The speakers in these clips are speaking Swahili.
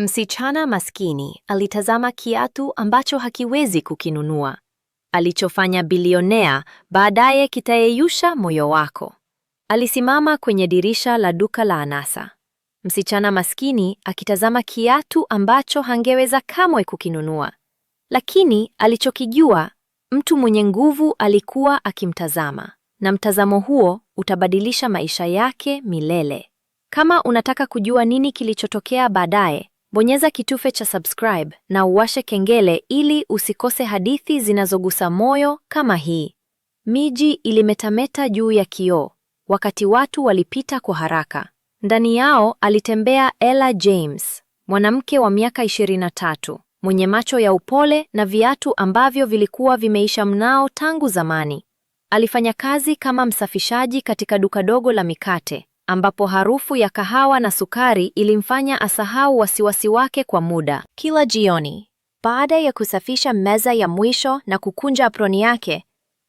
Msichana maskini alitazama kiatu ambacho hakiwezi kukinunua. Alichofanya bilionea baadaye kitayeyusha moyo wako. Alisimama kwenye dirisha la duka la anasa, msichana maskini akitazama kiatu ambacho hangeweza kamwe kukinunua, lakini alichokijua, mtu mwenye nguvu alikuwa akimtazama, na mtazamo huo utabadilisha maisha yake milele. Kama unataka kujua nini kilichotokea baadaye, Bonyeza kitufe cha subscribe na uwashe kengele ili usikose hadithi zinazogusa moyo kama hii. Miji ilimetameta juu ya kioo wakati watu walipita kwa haraka. Ndani yao alitembea Ella James, mwanamke wa miaka 23, mwenye macho ya upole na viatu ambavyo vilikuwa vimeisha mnao tangu zamani. Alifanya kazi kama msafishaji katika duka dogo la mikate ambapo harufu ya kahawa na sukari ilimfanya asahau wasiwasi wake kwa muda. Kila jioni baada ya kusafisha meza ya mwisho na kukunja aproni yake,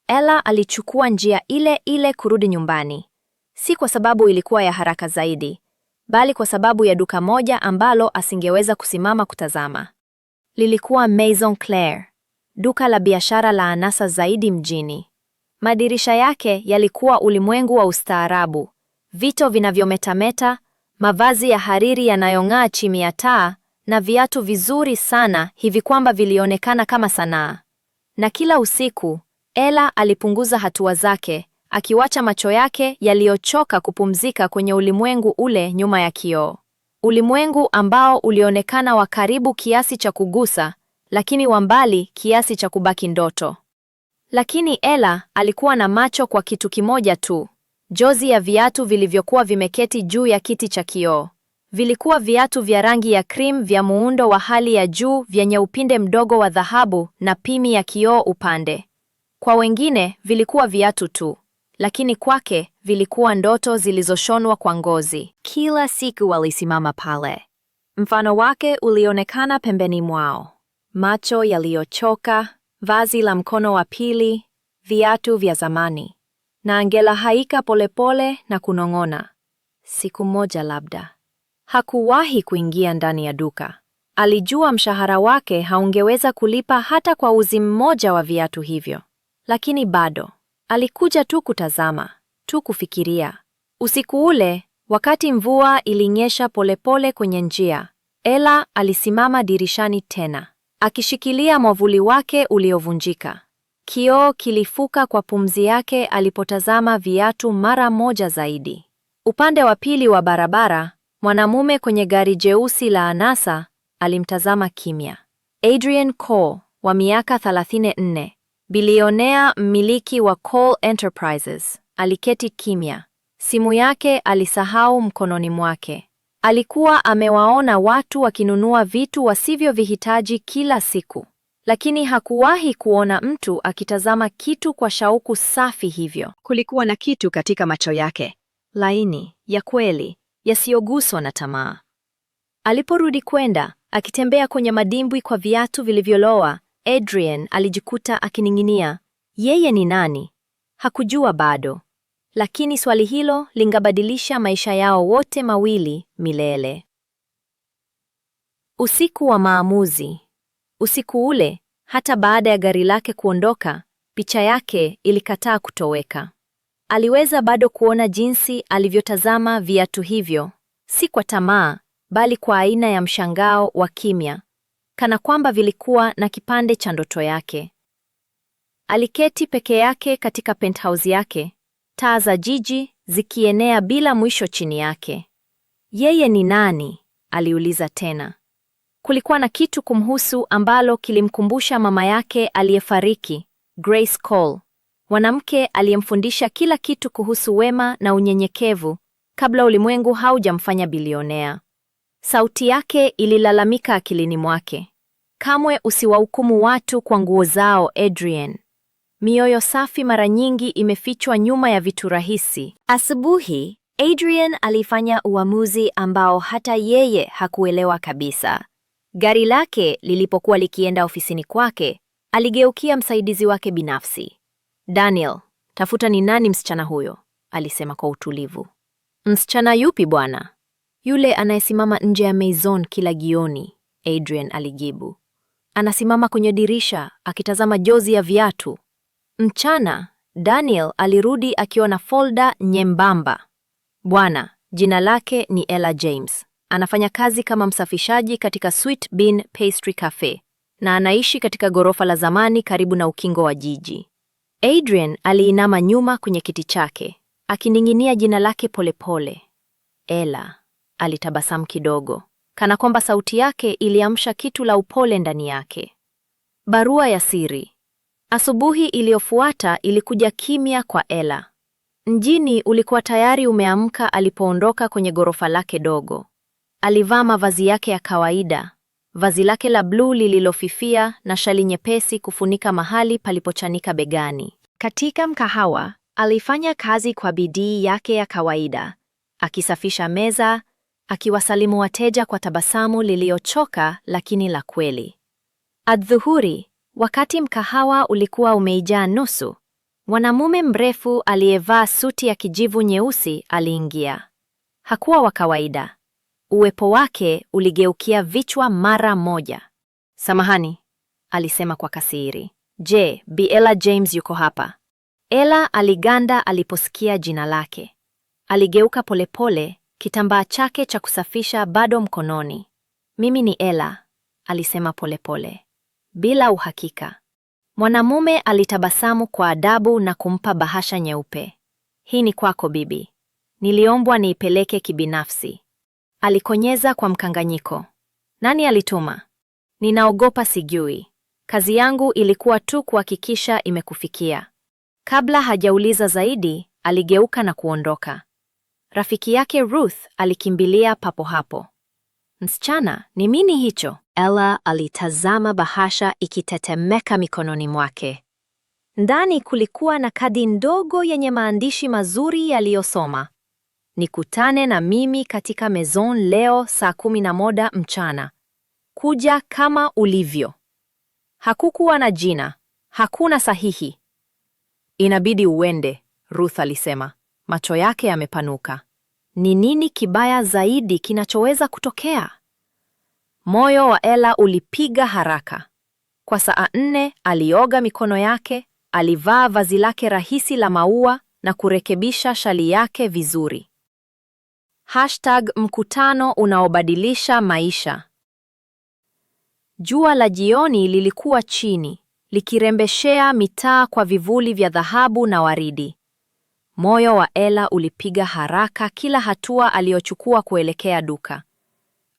Ella alichukua njia ile ile kurudi nyumbani, si kwa sababu ilikuwa ya haraka zaidi, bali kwa sababu ya duka moja ambalo asingeweza kusimama kutazama. Lilikuwa Maison Claire, duka la biashara la anasa zaidi mjini. Madirisha yake yalikuwa ulimwengu wa ustaarabu vito vinavyometameta, mavazi ya hariri yanayong'aa chini ya taa na viatu vizuri sana hivi kwamba vilionekana kama sanaa. Na kila usiku Ela alipunguza hatua zake, akiwacha macho yake yaliyochoka kupumzika kwenye ulimwengu ule nyuma ya kioo, ulimwengu ambao ulionekana wa karibu kiasi cha kugusa, lakini wa mbali kiasi cha kubaki ndoto. Lakini Ela alikuwa na macho kwa kitu kimoja tu, Jozi ya viatu vilivyokuwa vimeketi juu ya kiti cha kioo. Vilikuwa viatu vya rangi ya cream vya muundo wa hali ya juu vyenye upinde mdogo wa dhahabu na pimi ya kioo upande. Kwa wengine vilikuwa viatu tu, lakini kwake vilikuwa ndoto zilizoshonwa kwa ngozi. Kila siku walisimama pale, mfano wake ulionekana pembeni mwao, macho yaliyochoka, vazi la mkono wa pili, viatu vya zamani na angelahaika polepole na kunong'ona, siku moja labda. Hakuwahi kuingia ndani ya duka. Alijua mshahara wake haungeweza kulipa hata kwa uzi mmoja wa viatu hivyo, lakini bado alikuja tu kutazama, tu kufikiria. Usiku ule, wakati mvua ilinyesha polepole kwenye njia, ela alisimama dirishani tena, akishikilia mwavuli wake uliovunjika. Kioo kilifuka kwa pumzi yake alipotazama viatu mara moja zaidi. Upande wa pili wa barabara, mwanamume kwenye gari jeusi la anasa alimtazama kimya. Adrian Cole wa miaka 34, bilionea mmiliki wa Cole Enterprises, aliketi kimya. Simu yake alisahau mkononi mwake. Alikuwa amewaona watu wakinunua vitu wasivyovihitaji kila siku lakini hakuwahi kuona mtu akitazama kitu kwa shauku safi hivyo. Kulikuwa na kitu katika macho yake, laini, ya kweli, yasiyoguswa na tamaa. Aliporudi kwenda, akitembea kwenye madimbwi kwa viatu vilivyoloa, Adrian alijikuta akining'inia. Yeye ni nani? Hakujua bado. Lakini swali hilo lingabadilisha maisha yao wote mawili milele. Usiku wa maamuzi. Usiku ule, hata baada ya gari lake kuondoka, picha yake ilikataa kutoweka. Aliweza bado kuona jinsi alivyotazama viatu hivyo, si kwa tamaa, bali kwa aina ya mshangao wa kimya, kana kwamba vilikuwa na kipande cha ndoto yake. Aliketi peke yake katika penthouse yake, taa za jiji zikienea bila mwisho chini yake. Yeye ni nani? aliuliza tena. Kulikuwa na kitu kumhusu ambalo kilimkumbusha mama yake aliyefariki, Grace Cole, mwanamke aliyemfundisha kila kitu kuhusu wema na unyenyekevu kabla ulimwengu haujamfanya bilionea. Sauti yake ililalamika akilini mwake, kamwe usiwahukumu watu kwa nguo zao, Adrian. Mioyo safi mara nyingi imefichwa nyuma ya vitu rahisi. Asubuhi, Adrian alifanya uamuzi ambao hata yeye hakuelewa kabisa. Gari lake lilipokuwa likienda ofisini kwake, aligeukia msaidizi wake binafsi. Daniel, tafuta ni nani msichana huyo, alisema kwa utulivu. Msichana yupi bwana? Yule anayesimama nje ya Maison kila jioni, Adrian alijibu. Anasimama kwenye dirisha akitazama jozi ya viatu. Mchana Daniel alirudi akiwa na folda nyembamba. Bwana, jina lake ni Ella James. Anafanya kazi kama msafishaji katika Sweet Bean Pastry Cafe na anaishi katika gorofa la zamani karibu na ukingo wa jiji. Adrian aliinama nyuma kwenye kiti chake akining'inia jina lake polepole pole. Ella alitabasamu kidogo, kana kwamba sauti yake iliamsha kitu la upole ndani yake. Barua ya siri. Asubuhi iliyofuata ilikuja kimya kwa Ella. Mjini ulikuwa tayari umeamka alipoondoka kwenye gorofa lake dogo. Alivaa mavazi yake ya kawaida, vazi lake la bluu lililofifia na shali nyepesi kufunika mahali palipochanika begani. Katika mkahawa, alifanya kazi kwa bidii yake ya kawaida, akisafisha meza, akiwasalimu wateja kwa tabasamu liliochoka lakini la kweli. Adhuhuri, wakati mkahawa ulikuwa umeijaa nusu, mwanamume mrefu aliyevaa suti ya kijivu nyeusi aliingia. Hakuwa wa kawaida. Uwepo wake uligeukia vichwa mara moja. Samahani, alisema kwa kasiri. Je, Bi Ella James yuko hapa? Ella aliganda aliposikia jina lake. Aligeuka polepole, kitambaa chake cha kusafisha bado mkononi. Mimi ni Ella, alisema polepole, bila uhakika. Mwanamume alitabasamu kwa adabu na kumpa bahasha nyeupe. Hii ni kwako bibi, niliombwa niipeleke kibinafsi. Alikonyeza kwa mkanganyiko. Nani alituma? Ninaogopa sijui. Kazi yangu ilikuwa tu kuhakikisha imekufikia. Kabla hajauliza zaidi, aligeuka na kuondoka. Rafiki yake Ruth alikimbilia papo hapo. Msichana, ni nini hicho? Ella alitazama bahasha ikitetemeka mikononi mwake. Ndani kulikuwa na kadi ndogo yenye maandishi mazuri yaliyosoma nikutane na mimi katika Maison leo saa kumi na moja mchana. Kuja kama ulivyo. Hakukuwa na jina, hakuna sahihi. Inabidi uende, Ruth alisema, macho yake yamepanuka. Ni nini kibaya zaidi kinachoweza kutokea? Moyo wa Ella ulipiga haraka. Kwa saa nne alioga mikono yake, alivaa vazi lake rahisi la maua na kurekebisha shali yake vizuri. Hashtag mkutano unaobadilisha maisha. Jua la jioni lilikuwa chini, likirembeshea mitaa kwa vivuli vya dhahabu na waridi. Moyo wa Ella ulipiga haraka kila hatua aliyochukua kuelekea duka.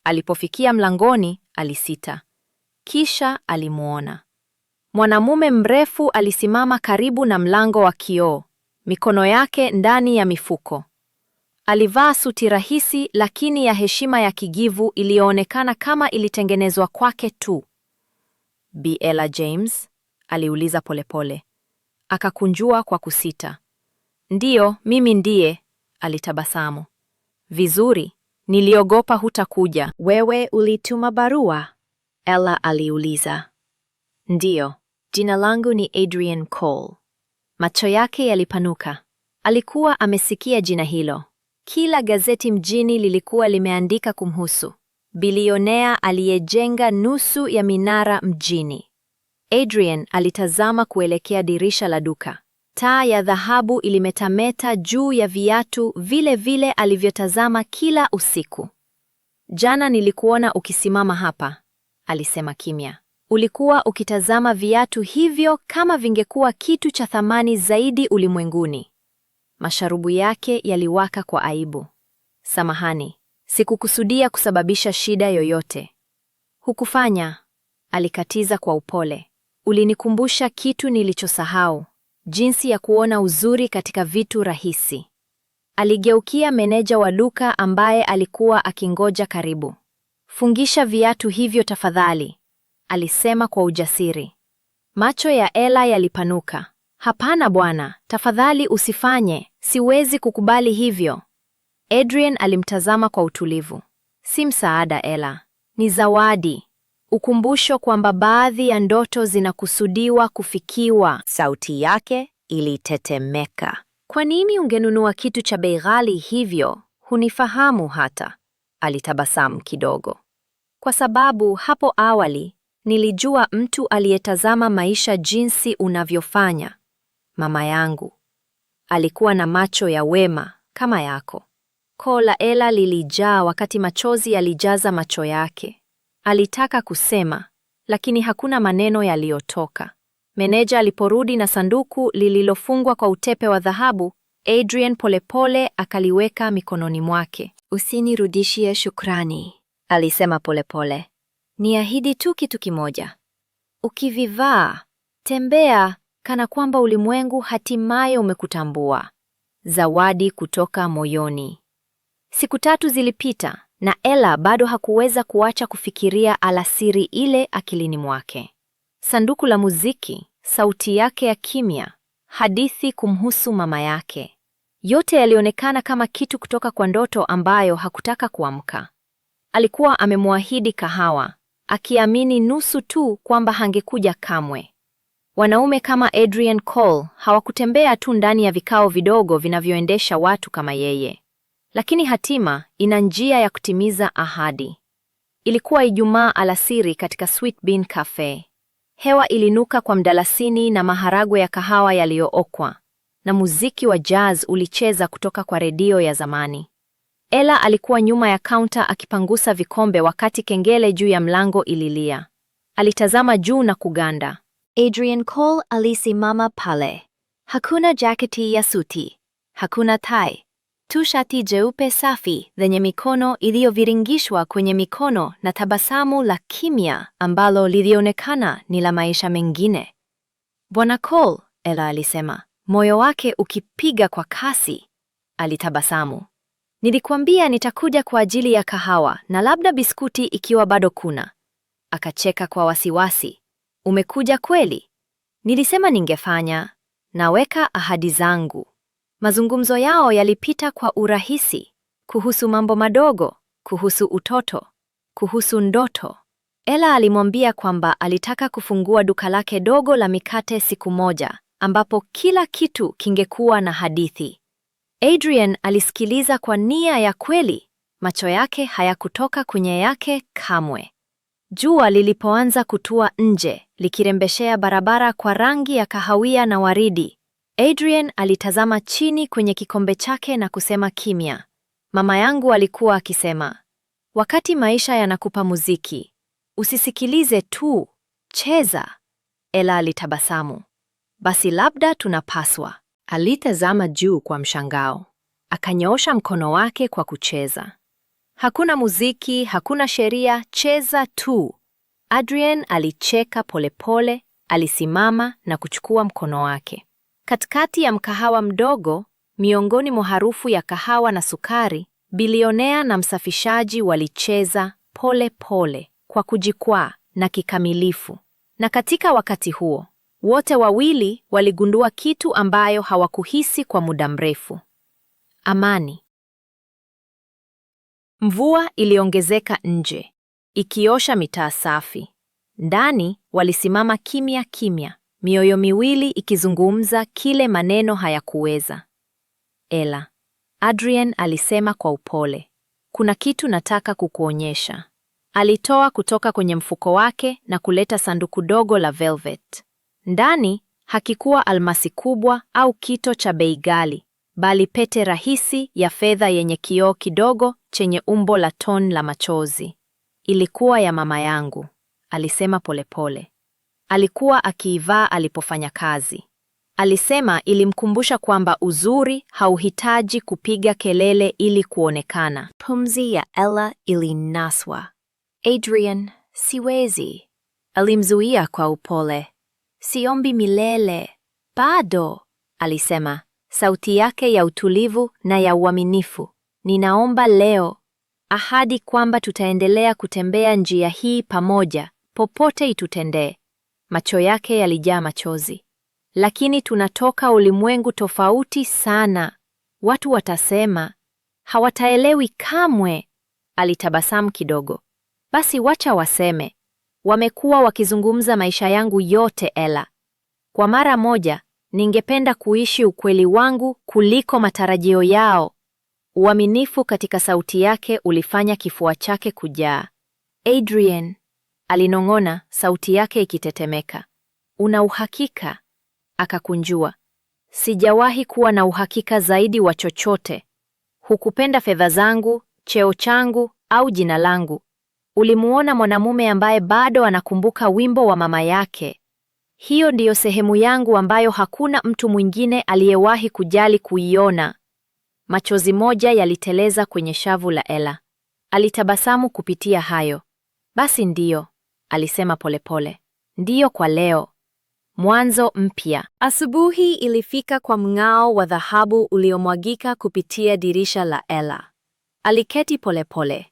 Alipofikia mlangoni, alisita. Kisha alimuona. Mwanamume mrefu alisimama karibu na mlango wa kioo, mikono yake ndani ya mifuko. Alivaa suti rahisi lakini ya heshima ya kijivu iliyoonekana kama ilitengenezwa kwake tu. Bi Ella James aliuliza polepole, akakunjua kwa kusita. Ndiyo, mimi ndiye, alitabasamu. Vizuri, niliogopa hutakuja. Wewe ulituma barua? Ella aliuliza. Ndiyo, jina langu ni Adrian Cole. Macho yake yalipanuka. Alikuwa amesikia jina hilo. Kila gazeti mjini lilikuwa limeandika kumhusu bilionea aliyejenga nusu ya minara mjini. Adrian alitazama kuelekea dirisha la duka. Taa ya dhahabu ilimetameta juu ya viatu vile vile alivyotazama kila usiku. Jana nilikuona ukisimama hapa, alisema kimya. Ulikuwa ukitazama viatu hivyo kama vingekuwa kitu cha thamani zaidi ulimwenguni. Masharubu yake yaliwaka kwa aibu. Samahani, sikukusudia kusababisha shida yoyote. Hukufanya, alikatiza kwa upole. Ulinikumbusha kitu nilichosahau, jinsi ya kuona uzuri katika vitu rahisi. Aligeukia meneja wa duka ambaye alikuwa akingoja karibu. Fungisha viatu hivyo tafadhali, alisema kwa ujasiri. Macho ya Ella yalipanuka. Hapana bwana, tafadhali usifanye, siwezi kukubali hivyo. Adrian alimtazama kwa utulivu. Si msaada Ella, ni zawadi, ukumbusho kwamba baadhi ya ndoto zinakusudiwa kufikiwa. Sauti yake ilitetemeka. Kwa nini ungenunua kitu cha bei ghali hivyo? Hunifahamu hata. Alitabasamu kidogo. Kwa sababu hapo awali nilijua mtu aliyetazama maisha jinsi unavyofanya mama yangu. Alikuwa na macho ya wema kama yako. Koo la ela lilijaa wakati machozi yalijaza macho yake. Alitaka kusema, lakini hakuna maneno yaliyotoka. Meneja aliporudi na sanduku lililofungwa kwa utepe wa dhahabu, Adrian polepole akaliweka mikononi mwake. Usinirudishie shukrani, alisema polepole. Niahidi tu kitu kimoja. Ukivivaa, tembea kana kwamba ulimwengu hatimaye umekutambua. Zawadi kutoka moyoni. Siku tatu zilipita na Ella bado hakuweza kuacha kufikiria alasiri ile akilini mwake. Sanduku la muziki, sauti yake ya kimya, hadithi kumhusu mama yake, yote yalionekana kama kitu kutoka kwa ndoto ambayo hakutaka kuamka. Alikuwa amemwahidi kahawa, akiamini nusu tu kwamba hangekuja kamwe. Wanaume kama Adrian Cole hawakutembea tu ndani ya vikao vidogo vinavyoendesha watu kama yeye, lakini hatima ina njia ya kutimiza ahadi. Ilikuwa Ijumaa alasiri katika Sweet Bean Cafe. Hewa ilinuka kwa mdalasini na maharagwe ya kahawa yaliyookwa, na muziki wa jazz ulicheza kutoka kwa redio ya zamani. Ella alikuwa nyuma ya kaunta akipangusa vikombe wakati kengele juu ya mlango ililia. Alitazama juu na kuganda. Adrian Cole alisimama pale. Hakuna jaketi ya suti, hakuna tai, tu shati jeupe safi lenye mikono iliyoviringishwa kwenye mikono na tabasamu la kimya ambalo lilionekana ni la maisha mengine. Bwana Cole, Ella alisema, moyo wake ukipiga kwa kasi. Alitabasamu. Nilikuambia nitakuja kwa ajili ya kahawa na labda biskuti ikiwa bado kuna. Akacheka kwa wasiwasi. Umekuja kweli? Nilisema ningefanya. Naweka ahadi zangu. Mazungumzo yao yalipita kwa urahisi, kuhusu mambo madogo, kuhusu utoto, kuhusu ndoto. ela alimwambia kwamba alitaka kufungua duka lake dogo la mikate siku moja, ambapo kila kitu kingekuwa na hadithi. Adrian alisikiliza kwa nia ya kweli, macho yake hayakutoka kwenye yake kamwe. Jua lilipoanza kutua nje, likirembeshea barabara kwa rangi ya kahawia na waridi, Adrian alitazama chini kwenye kikombe chake na kusema kimya. Mama yangu alikuwa akisema, wakati maisha yanakupa muziki, usisikilize tu, cheza. ela alitabasamu. Basi labda tunapaswa. Alitazama juu kwa mshangao, akanyoosha mkono wake kwa kucheza. Hakuna muziki, hakuna sheria, cheza tu. Adrien alicheka polepole alisimama na kuchukua mkono wake. Katikati ya mkahawa mdogo, miongoni mwa harufu ya kahawa na sukari, bilionea na msafishaji walicheza pole pole kwa kujikwaa na kikamilifu. Na katika wakati huo, wote wawili waligundua kitu ambayo hawakuhisi kwa muda mrefu. Amani. Mvua iliongezeka nje, ikiosha mitaa safi. Ndani walisimama kimya kimya, mioyo miwili ikizungumza kile maneno hayakuweza. Ela, Adrien alisema kwa upole, kuna kitu nataka kukuonyesha. Alitoa kutoka kwenye mfuko wake na kuleta sanduku dogo la velvet. Ndani hakikuwa almasi kubwa au kito cha bei ghali, bali pete rahisi ya fedha yenye kioo kidogo chenye umbo la ton la machozi. Ilikuwa ya mama yangu, alisema polepole. Alikuwa akiivaa alipofanya kazi. Alisema ilimkumbusha kwamba uzuri hauhitaji kupiga kelele ili kuonekana. Pumzi ya Ella ilinaswa. Adrian, siwezi, alimzuia kwa upole. Siombi milele bado, alisema sauti yake ya utulivu na ya uaminifu. Ninaomba leo ahadi kwamba tutaendelea kutembea njia hii pamoja, popote itutendee. Macho yake yalijaa machozi. Lakini tunatoka ulimwengu tofauti sana, watu watasema hawataelewi kamwe. Alitabasamu kidogo. Basi wacha waseme, wamekuwa wakizungumza maisha yangu yote, ela Kwa mara moja Ningependa kuishi ukweli wangu kuliko matarajio yao. Uaminifu katika sauti yake ulifanya kifua chake kujaa. Adrian, alinong'ona, sauti yake ikitetemeka. Una uhakika? Akakunjua. Sijawahi kuwa na uhakika zaidi wa chochote. Hukupenda fedha zangu, cheo changu au jina langu. Ulimuona mwanamume ambaye bado anakumbuka wimbo wa mama yake. Hiyo ndiyo sehemu yangu ambayo hakuna mtu mwingine aliyewahi kujali kuiona. Machozi moja yaliteleza kwenye shavu la ela Alitabasamu kupitia hayo. Basi ndiyo, alisema polepole. Ndiyo kwa leo. Mwanzo mpya. Asubuhi ilifika kwa mng'ao wa dhahabu uliomwagika kupitia dirisha la ela Aliketi polepole.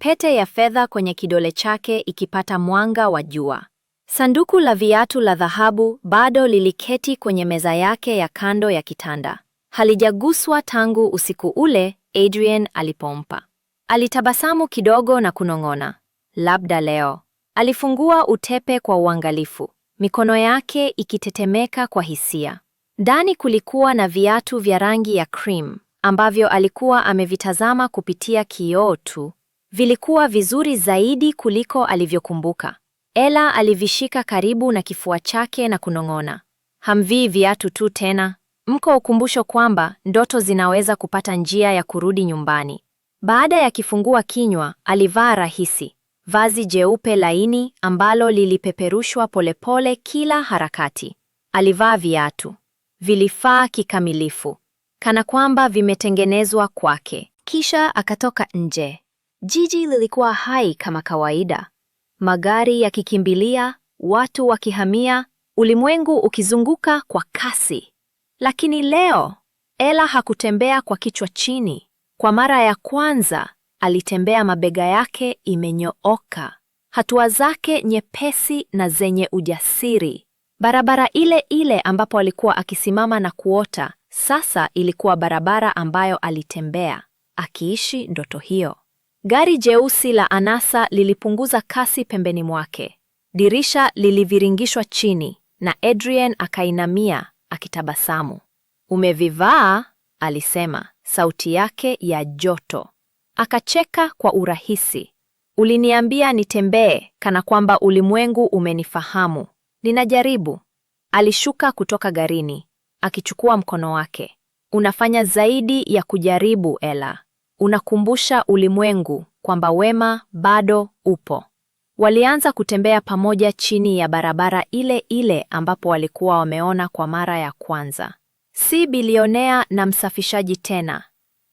Pete ya fedha kwenye kidole chake ikipata mwanga wa jua. Sanduku la viatu la dhahabu bado liliketi kwenye meza yake ya kando ya kitanda. Halijaguswa tangu usiku ule Adrian alipompa. Alitabasamu kidogo na kunong'ona, labda leo. Alifungua utepe kwa uangalifu, mikono yake ikitetemeka kwa hisia. Ndani kulikuwa na viatu vya rangi ya cream ambavyo alikuwa amevitazama kupitia kioo tu. Vilikuwa vizuri zaidi kuliko alivyokumbuka. Ela alivishika karibu na kifua chake na kunong'ona, hamvii viatu tu tena, mko ukumbusho kwamba ndoto zinaweza kupata njia ya kurudi nyumbani. Baada ya kifungua kinywa, alivaa rahisi, vazi jeupe laini ambalo lilipeperushwa polepole kila harakati. Alivaa viatu, vilifaa kikamilifu, kana kwamba vimetengenezwa kwake. Kisha akatoka nje. Jiji lilikuwa hai kama kawaida magari yakikimbilia, watu wakihamia, ulimwengu ukizunguka kwa kasi. Lakini leo Ela hakutembea kwa kichwa chini. Kwa mara ya kwanza alitembea, mabega yake imenyooka, hatua zake nyepesi na zenye ujasiri. Barabara ile ile ambapo alikuwa akisimama na kuota, sasa ilikuwa barabara ambayo alitembea akiishi ndoto hiyo. Gari jeusi la anasa lilipunguza kasi pembeni mwake. Dirisha liliviringishwa chini na Adrian akainamia akitabasamu. Umevivaa, alisema, sauti yake ya joto. Akacheka kwa urahisi. Uliniambia nitembee kana kwamba ulimwengu umenifahamu. Ninajaribu. Alishuka kutoka garini akichukua mkono wake. Unafanya zaidi ya kujaribu, Ella unakumbusha ulimwengu kwamba wema bado upo. Walianza kutembea pamoja chini ya barabara ile ile ambapo walikuwa wameona kwa mara ya kwanza. Si bilionea na msafishaji tena,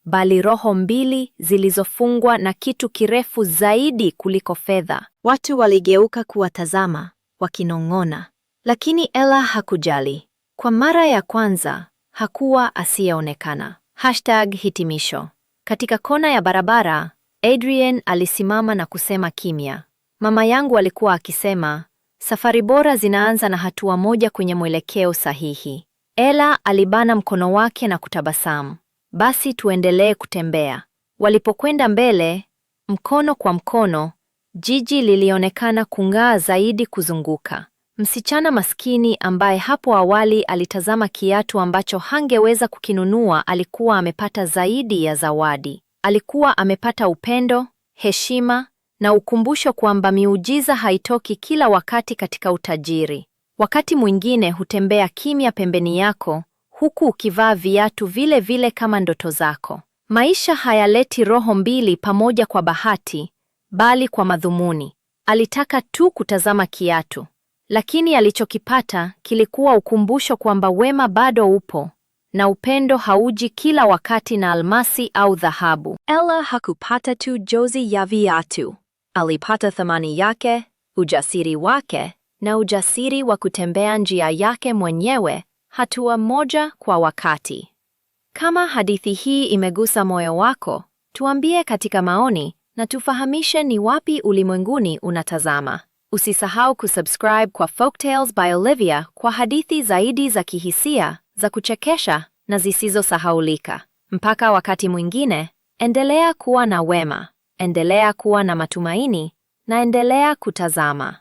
bali roho mbili zilizofungwa na kitu kirefu zaidi kuliko fedha. Watu waligeuka kuwatazama wakinong'ona, lakini Ella hakujali. Kwa mara ya kwanza hakuwa asiyeonekana. Hashtag hitimisho. Katika kona ya barabara, Adrian alisimama na kusema kimya. Mama yangu alikuwa akisema, safari bora zinaanza na hatua moja kwenye mwelekeo sahihi. Ella alibana mkono wake na kutabasamu. Basi tuendelee kutembea. Walipokwenda mbele, mkono kwa mkono, jiji lilionekana kung'aa zaidi kuzunguka. Msichana maskini ambaye hapo awali alitazama kiatu ambacho hangeweza kukinunua alikuwa amepata zaidi ya zawadi. Alikuwa amepata upendo, heshima na ukumbusho kwamba miujiza haitoki kila wakati katika utajiri. Wakati mwingine hutembea kimya pembeni yako huku ukivaa viatu vile vile kama ndoto zako. Maisha hayaleti roho mbili pamoja kwa bahati, bali kwa madhumuni. Alitaka tu kutazama kiatu lakini alichokipata kilikuwa ukumbusho kwamba wema bado upo na upendo hauji kila wakati na almasi au dhahabu. Ella hakupata tu jozi ya viatu, alipata thamani yake, ujasiri wake na ujasiri wa kutembea njia yake mwenyewe hatua moja kwa wakati. Kama hadithi hii imegusa moyo wako, tuambie katika maoni na tufahamishe ni wapi ulimwenguni unatazama. Usisahau kusubscribe kwa Folktales by Olivia kwa hadithi zaidi za kihisia, za kuchekesha na zisizosahaulika. Mpaka wakati mwingine, endelea kuwa na wema, endelea kuwa na matumaini na endelea kutazama.